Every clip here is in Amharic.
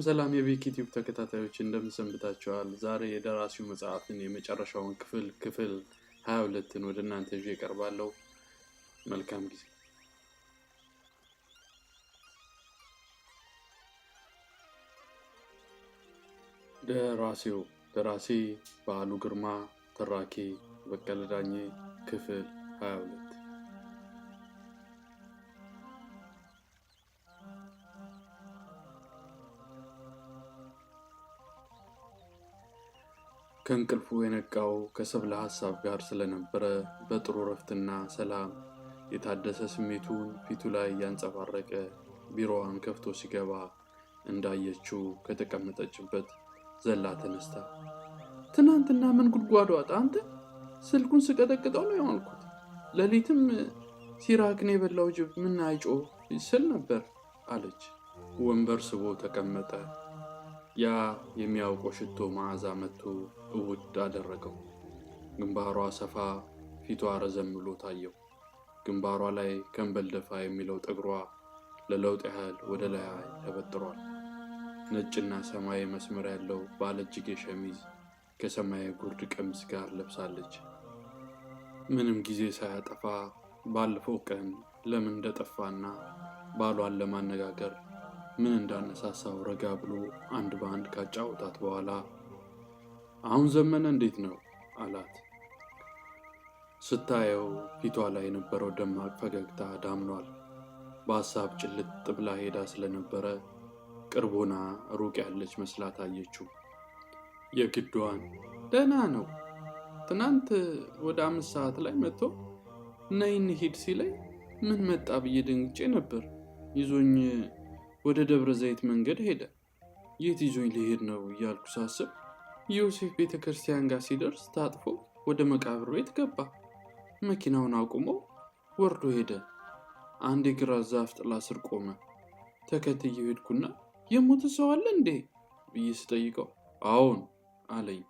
ሰላም ሰላም የቤክ ዩቲዩብ ተከታታዮች እንደምንሰንብታችኋል። ዛሬ የደራሲው መጽሐፍን የመጨረሻውን ክፍል ክፍል 22ን ወደ እናንተ ይዤ እቀርባለሁ። መልካም ጊዜ። ደራሲው ደራሲ በዓሉ ግርማ፣ ተራኪ በቀለ ዳኜ። ክፍል 22 ከእንቅልፉ የነቃው ከሰብለ ሐሳብ ጋር ስለነበረ በጥሩ እረፍትና ሰላም የታደሰ ስሜቱን ፊቱ ላይ ያንጸባረቀ። ቢሮዋን ከፍቶ ሲገባ እንዳየችው ከተቀመጠችበት ዘላ ተነስታ ትናንትና ምን ጉድጓዶ ዋጣ አንተ? ስልኩን ስቀጠቅጠው ነው የዋልኩት። ሌሊትም ሲራክን የበላው ጅብ ምን አይጮህ ነበር አለች። ወንበር ስቦ ተቀመጠ። ያ የሚያውቀው ሽቶ መዓዛ መጥቶ እውድ አደረገው። ግንባሯ ሰፋ፣ ፊቷ ረዘም ብሎ ታየው። ግንባሯ ላይ ከንበል ደፋ የሚለው ጠጉሯ ለለውጥ ያህል ወደ ላይ ተበጥሯል። ነጭና ሰማያዊ መስመር ያለው ባለእጅጌ ሸሚዝ ከሰማያዊ ጉርድ ቀሚስ ጋር ለብሳለች። ምንም ጊዜ ሳያጠፋ ባለፈው ቀን ለምን እንደጠፋና ባሏን ለማነጋገር ምን እንዳነሳሳው ረጋ ብሎ አንድ በአንድ ካጫወታት በኋላ አሁን ዘመነ እንዴት ነው አላት። ስታየው ፊቷ ላይ የነበረው ደማቅ ፈገግታ ዳምኗል። በሀሳብ ጭልጥ ብላ ሄዳ ስለነበረ ቅርቡና ሩቅ ያለች መስላት አየችው። የግዷን ደህና ነው ትናንት ወደ አምስት ሰዓት ላይ መጥቶ ነይ ሂድ ሲለኝ ምን መጣ ብዬ ደንግጬ ነበር ይዞኝ ወደ ደብረ ዘይት መንገድ ሄደ። የት ይዞኝ ሊሄድ ነው እያልኩ ሳስብ ዮሴፍ ቤተ ክርስቲያን ጋር ሲደርስ ታጥፎ ወደ መቃብር ቤት ገባ። መኪናውን አቁሞ ወርዶ ሄደ። አንድ የግራ ዛፍ ጥላ ስር ቆመ። ተከትዬ ሄድኩና የሞተ ሰው አለ እንዴ ብዬ ስጠይቀው አዎን አለኝ።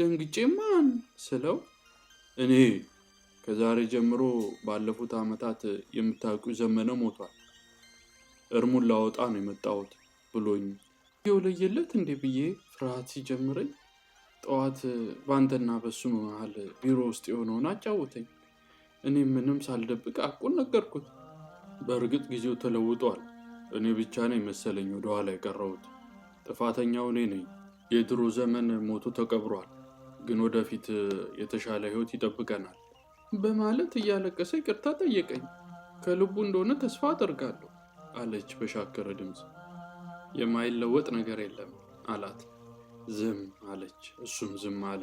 ደንግጬ ማን ስለው እኔ ከዛሬ ጀምሮ ባለፉት ዓመታት የምታውቂው ዘመነ ሞቷል እርሙን ላወጣ ነው የመጣሁት ብሎኝ የውለየለት እንዴ ብዬ ፍርሃት ሲጀምረኝ ጠዋት በአንተና በሱ መሃል ቢሮ ውስጥ የሆነውን አጫወተኝ እኔ ምንም ሳልደብቅ አቁን ነገርኩት። በእርግጥ ጊዜው ተለውጧል። እኔ ብቻ ነኝ መሰለኝ ወደኋላ የቀረሁት። ጥፋተኛው እኔ ነኝ። የድሮ ዘመን ሞቶ ተቀብሯል፣ ግን ወደፊት የተሻለ ህይወት ይጠብቀናል በማለት እያለቀሰ ይቅርታ ጠየቀኝ። ከልቡ እንደሆነ ተስፋ አደርጋለሁ። አለች በሻከረ ድምፅ። የማይለወጥ ነገር የለም አላት። ዝም አለች፣ እሱም ዝም አለ።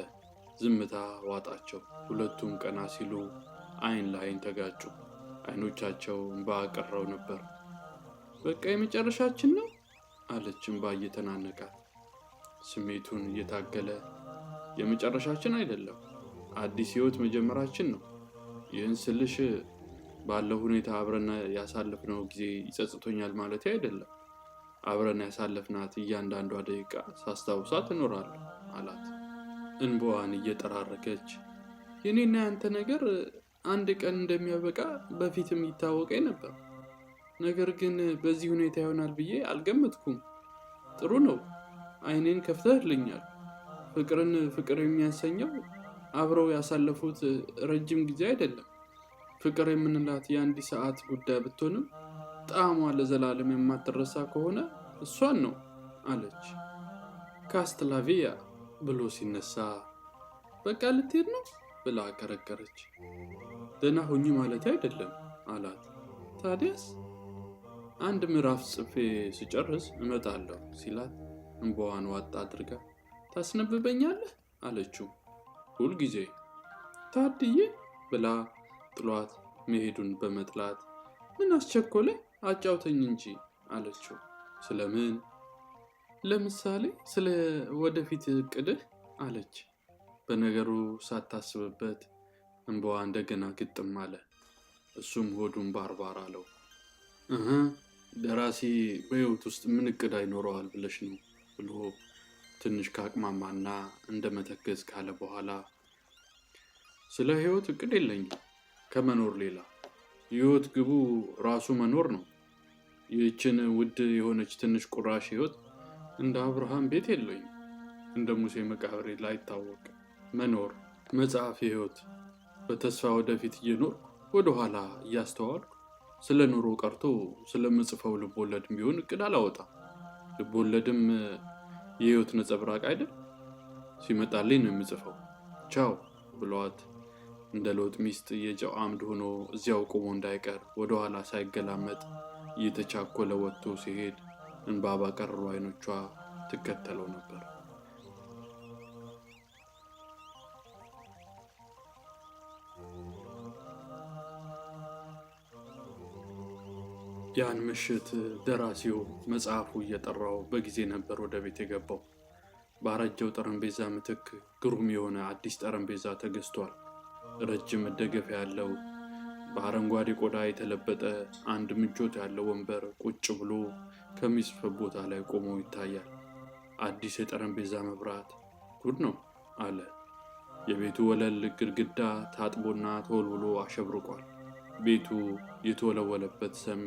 ዝምታ ዋጣቸው። ሁለቱም ቀና ሲሉ አይን ለአይን ተጋጩ። አይኖቻቸው እንባ ቀረው ነበር። በቃ የመጨረሻችን ነው አለች እንባ እየተናነቃት። ስሜቱን እየታገለ የመጨረሻችን አይደለም፣ አዲስ ህይወት መጀመራችን ነው። ይህን ስልሽ ባለው ሁኔታ አብረን ያሳለፍነው ጊዜ ይጸጽቶኛል ማለት አይደለም። አብረን ያሳለፍናት እያንዳንዷ ደቂቃ ሳስታውሳት እኖራለሁ አላት። እንባዋን እየጠራረገች የኔና ያንተ ነገር አንድ ቀን እንደሚያበቃ በፊትም ይታወቀኝ ነበር። ነገር ግን በዚህ ሁኔታ ይሆናል ብዬ አልገመትኩም። ጥሩ ነው፣ አይኔን ከፍተህልኛል። ፍቅርን ፍቅር የሚያሰኘው አብረው ያሳለፉት ረጅም ጊዜ አይደለም ፍቅር የምንላት የአንድ ሰዓት ጉዳይ ብትሆንም ጣዕሟ ለዘላለም የማትረሳ ከሆነ እሷን ነው አለች። ካስትላቪያ ብሎ ሲነሳ በቃ ልትሄድ ነው ብላ ከረከረች። ደህና ሁኚ ማለት አይደለም አላት። ታዲያስ አንድ ምዕራፍ ጽፌ ስጨርስ እመጣለሁ ሲላት እንባዋን ዋጣ አድርጋ ታስነብበኛለህ አለችው። ሁልጊዜ ታድዬ ብላ ጥሏት መሄዱን በመጥላት ምን አስቸኮለ አጫውተኝ እንጂ አለችው። ስለምን? ለምሳሌ ስለ ወደፊት እቅድህ አለች። በነገሩ ሳታስብበት እንባዋ እንደገና ግጥም አለ። እሱም ሆዱን ባርባር አለው። እ ደራሲ በህይወት ውስጥ ምን እቅድ አይኖረዋል ብለሽ ነው ብሎ ትንሽ ከአቅማማና እንደመተከዝ ካለ በኋላ ስለ ህይወት እቅድ የለኝም ከመኖር ሌላ የህይወት ግቡ ራሱ መኖር ነው። ይህችን ውድ የሆነች ትንሽ ቁራሽ ህይወት እንደ አብርሃም ቤት የለኝም፣ እንደ ሙሴ መቃብር ላይታወቅ መኖር መጽሐፍ ህይወት በተስፋ ወደፊት እየኖር ወደኋላ እያስተዋልኩ ስለ ኑሮ ቀርቶ ስለምጽፈው ልቦወለድ ቢሆን እቅድ አላወጣ። ልቦወለድም የህይወት ነጸብራቅ አይደል? ሲመጣልኝ ነው የምጽፈው። ቻው ብለዋት እንደ ሎጥ ሚስት የጨው አምድ ሆኖ እዚያው ቆሞ እንዳይቀር ወደ ኋላ ሳይገላመጥ እየተቻኮለ ወጥቶ ሲሄድ እንባ ባቀረሩ አይኖቿ ትከተለው ነበር። ያን ምሽት ደራሲው መጽሐፉ እየጠራው በጊዜ ነበር ወደ ቤት የገባው። ባረጀው ጠረጴዛ ምትክ ግሩም የሆነ አዲስ ጠረጴዛ ተገዝቷል። ረጅም መደገፊያ ያለው በአረንጓዴ ቆዳ የተለበጠ አንድ ምቾት ያለው ወንበር ቁጭ ብሎ ከሚጽፈት ቦታ ላይ ቆሞ ይታያል። አዲስ የጠረጴዛ መብራት ጉድ ነው አለ። የቤቱ ወለል ግድግዳ ታጥቦና ተወልውሎ አሸብርቋል። ቤቱ የተወለወለበት ሰም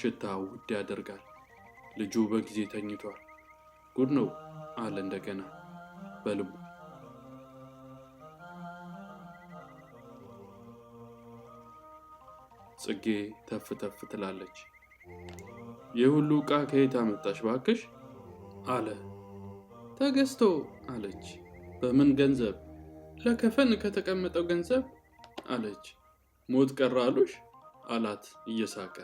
ሽታው ውድ ያደርጋል። ልጁ በጊዜ ተኝቷል። ጉድ ነው አለ እንደገና በልቡ ጽጌ ተፍ ተፍ ትላለች። ይህ ሁሉ ዕቃ ከየት አመጣሽ ባክሽ? አለ። ተገዝቶ አለች። በምን ገንዘብ? ለከፈን ከተቀመጠው ገንዘብ አለች። ሞት ቀረ አሉሽ? አላት እየሳቀ።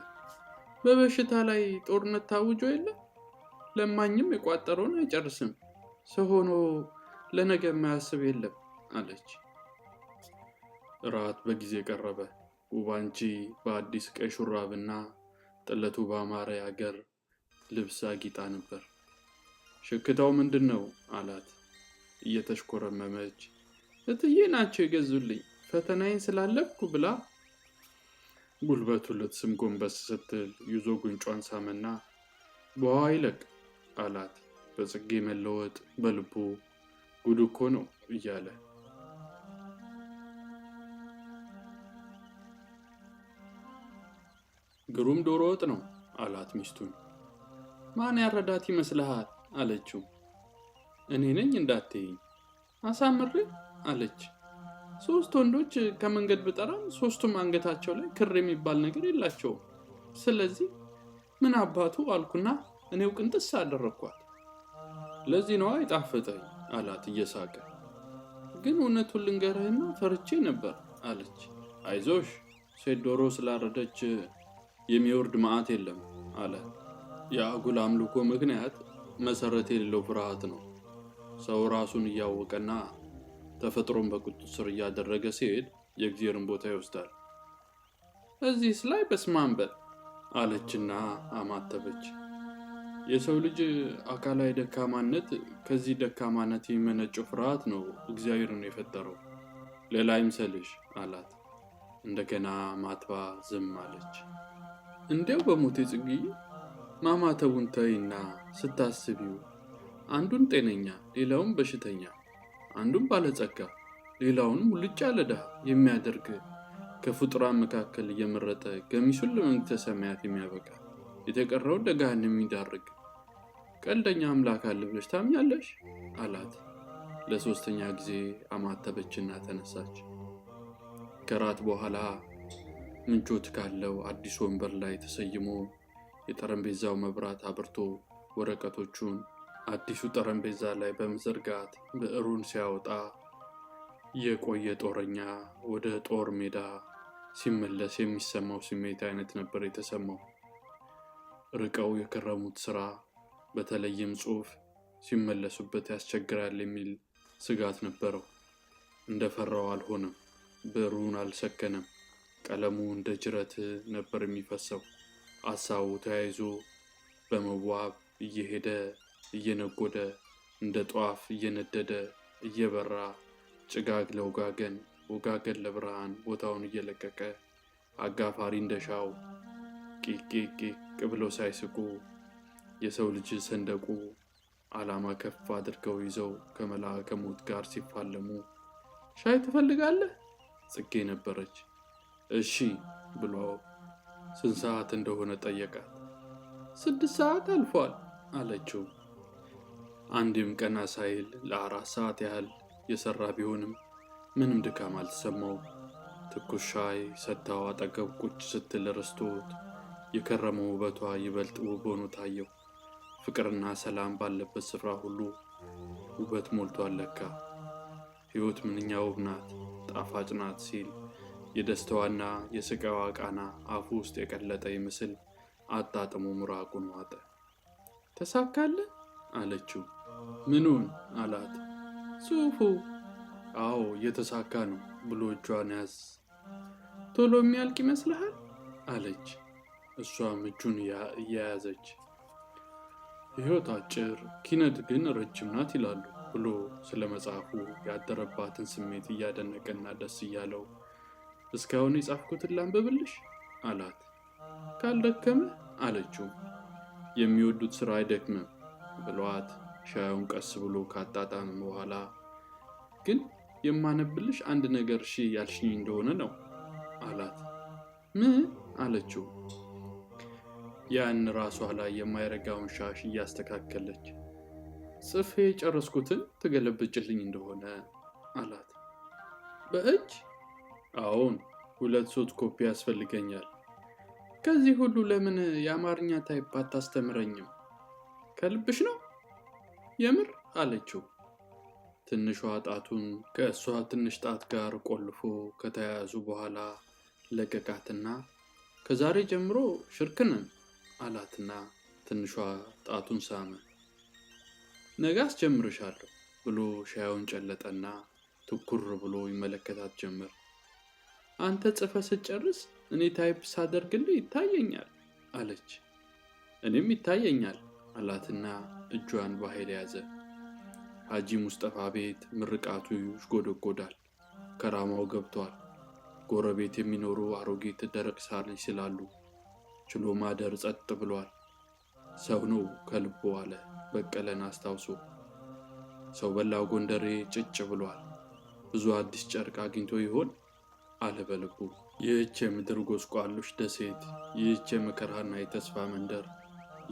በበሽታ ላይ ጦርነት ታውጆ የለ ለማኝም የቋጠረውን አይጨርስም። ሰው ሆኖ ለነገ የማያስብ የለም አለች። እራት በጊዜ ቀረበ። ውባንቺ አንቺ በአዲስ ቀይ ሹራብና ጥለቱ ባማረ አገር ልብስ አጊጣ ነበር። ሽክታው ምንድን ነው አላት እየተሽኮረመመች። እትዬ ናቸው የገዙልኝ ፈተናዬን ስላለብኩ ብላ ጉልበቱ ልትስም ጎንበስ ስትል ይዞ ጉንጯን ሳመና በውሃ ይለቅ አላት። በጽጌ መለወጥ በልቡ ጉድ እኮ ነው እያለ ግሩም ዶሮ ወጥ ነው አላት ሚስቱን። ማን ያረዳት ይመስልሃል? አለችው። እኔ ነኝ እንዳትይኝ አሳምሬ አለች። ሶስት ወንዶች ከመንገድ ብጠራም ሶስቱም አንገታቸው ላይ ክር የሚባል ነገር የላቸውም። ስለዚህ ምን አባቱ አልኩና እኔው ቅንጥስ አደረግኳት። ለዚህ ነዋ ይጣፍጠኝ አላት እየሳቀ። ግን እውነቱን ልንገርህና ፈርቼ ነበር አለች። አይዞሽ ሴት ዶሮ ስላረደች የሚወርድ መዓት የለም አለ። የአጉል አምልኮ ምክንያት መሰረት የሌለው ፍርሃት ነው። ሰው ራሱን እያወቀና ተፈጥሮን በቁጥጥር ስር እያደረገ ሲሄድ የእግዚአብሔርን ቦታ ይወስዳል። እዚህስ ላይ በስማንበል አለችና አማተበች። የሰው ልጅ አካላዊ ደካማነት ከዚህ ደካማነት የሚመነጨው ፍርሃት ነው። እግዚአብሔርን የፈጠረው ሌላ ይምሰልሽ አላት። እንደገና ማትባ ዝም አለች። እንዲያው በሞቴ ጽጌ ማማተቡን ተይና ስታስቢው አንዱን ጤነኛ ሌላውን በሽተኛ አንዱን ባለጸጋ ሌላውንም ሙልጫ ለዳ የሚያደርግ ከፍጡራን መካከል እየመረጠ ገሚሱን ለመንግሥተ ሰማያት የሚያበቃ የተቀረውን ለገሃነም የሚዳርግ ቀልደኛ አምላክ አለ ብለሽ ታምኛለሽ? አላት። ለሦስተኛ ጊዜ አማተበችና ተነሳች። ከራት በኋላ ምቾት ካለው አዲስ ወንበር ላይ ተሰይሞ የጠረጴዛው መብራት አብርቶ ወረቀቶቹን አዲሱ ጠረጴዛ ላይ በመዘርጋት ብዕሩን ሲያወጣ የቆየ ጦረኛ ወደ ጦር ሜዳ ሲመለስ የሚሰማው ስሜት አይነት ነበር የተሰማው። ርቀው የከረሙት ስራ በተለይም ጽሑፍ ሲመለሱበት ያስቸግራል የሚል ስጋት ነበረው። እንደፈራው አልሆነም። ብዕሩን አልሰከነም። ቀለሙ እንደ ጅረት ነበር የሚፈሰው። አሳው ተያይዞ በመዋብ እየሄደ እየነጎደ እንደ ጧፍ እየነደደ እየበራ ጭጋግ ለውጋገን ወጋገን ለብርሃን ቦታውን እየለቀቀ አጋፋሪ እንደ ሻው ቂቅቂቅ ብለው ሳይስቁ የሰው ልጅ ሰንደቁ ዓላማ ከፍ አድርገው ይዘው ከመልአከ ሞት ጋር ሲፋለሙ ሻይ ትፈልጋለህ? ጽጌ ነበረች። እሺ ብሎ ስንት ሰዓት እንደሆነ ጠየቃት። ስድስት ሰዓት አልፏል አለችው። አንድም ቀና ሳይል ለአራት ሰዓት ያህል የሰራ ቢሆንም ምንም ድካም አልተሰማው። ትኩስ ሻይ ሰታው አጠገብ ቁጭ ስትል ረስቶት የከረመው ውበቷ ይበልጥ ውብ ሆኖ ታየው። ፍቅርና ሰላም ባለበት ስፍራ ሁሉ ውበት ሞልቷል። ለካ ሕይወት ምንኛ ውብ ናት፣ ጣፋጭ ናት ሲል የደስታዋና የስቃዋ ቃና አፉ ውስጥ የቀለጠ ይመስል አጣጥሞ ምራቁን ዋጠ። ተሳካለ አለችው። ምኑን አላት። ጽሑፉ። አዎ እየተሳካ ነው ብሎ እጇን ያዝ። ቶሎ የሚያልቅ ይመስልሃል አለች። እሷም እጁን እየያዘች ሕይወት አጭር ኪነት ግን ረጅም ናት ይላሉ ብሎ ስለ መጽሐፉ ያደረባትን ስሜት እያደነቀና ደስ እያለው እስካሁን የጻፍኩትን ላንብብልሽ አላት። ካልደከመ አለችው። የሚወዱት ስራ አይደክምም ብሏት ሻዩን ቀስ ብሎ ካጣጣም በኋላ ግን የማነብልሽ አንድ ነገር እሺ ያልሽኝ እንደሆነ ነው አላት። ምን አለችው። ያን ራሷ ላይ የማይረጋውን ሻሽ እያስተካከለች ጽፌ የጨረስኩትን ትገለብጭልኝ እንደሆነ አላት። በእጅ አዎን፣ ሁለት ሶት ኮፒ ያስፈልገኛል። ከዚህ ሁሉ ለምን የአማርኛ ታይፕ አታስተምረኝም? ከልብሽ ነው የምር አለችው። ትንሿ ጣቱን ከእሷ ትንሽ ጣት ጋር ቆልፎ ከተያያዙ በኋላ ለቀቃትና ከዛሬ ጀምሮ ሽርክንን አላትና ትንሿ ጣቱን ሳመ። ነገ አስጀምርሻለሁ ብሎ ሻዩን ጨለጠና ትኩር ብሎ ይመለከታት ጀመር። አንተ ጽፈ ስጨርስ እኔ ታይፕ ሳደርግልህ ይታየኛል አለች። እኔም ይታየኛል አላትና እጇን በኃይል ያዘ። ሐጂ ሙስጠፋ ቤት ምርቃቱ ይሽጎደጎዳል። ከራማው ገብቷል። ጎረቤት የሚኖሩ አሮጌት ደረቅ ሳር ይስላሉ። ችሎ ማደር ጸጥ ብሏል። ሰው ነው ከልቦ አለ በቀለን አስታውሶ። ሰው በላው ጎንደሬ ጭጭ ብሏል። ብዙ አዲስ ጨርቅ አግኝቶ ይሆን? አለ በልቡ። ይህች የምድር ጎስቋሎች ደሴት፣ ይህች የመከራና የተስፋ መንደር፣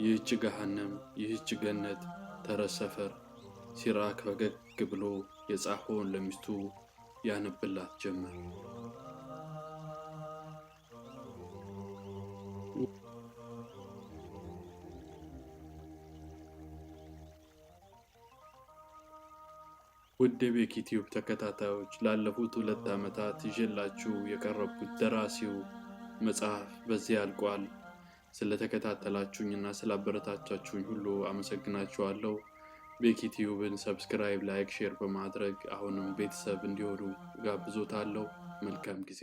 ይህች ገሃነም፣ ይህች ገነት ተረት ሰፈር። ሲራክ ፈገግ ብሎ የጻፈውን ለሚስቱ ያነብላት ጀመር። ውድ የቤክ ዩቲዩብ ተከታታዮች ላለፉት ሁለት ዓመታት ይዤላችሁ የቀረብኩት ደራሲው መጽሐፍ በዚህ ያልቋል። ስለተከታተላችሁኝና ስላበረታቻችሁኝ ሁሉ አመሰግናችኋለሁ። ቤክ ዩቲዩብን ሰብስክራይብ፣ ላይክ፣ ሼር በማድረግ አሁንም ቤተሰብ እንዲሆኑ ጋብዞታለሁ። መልካም ጊዜ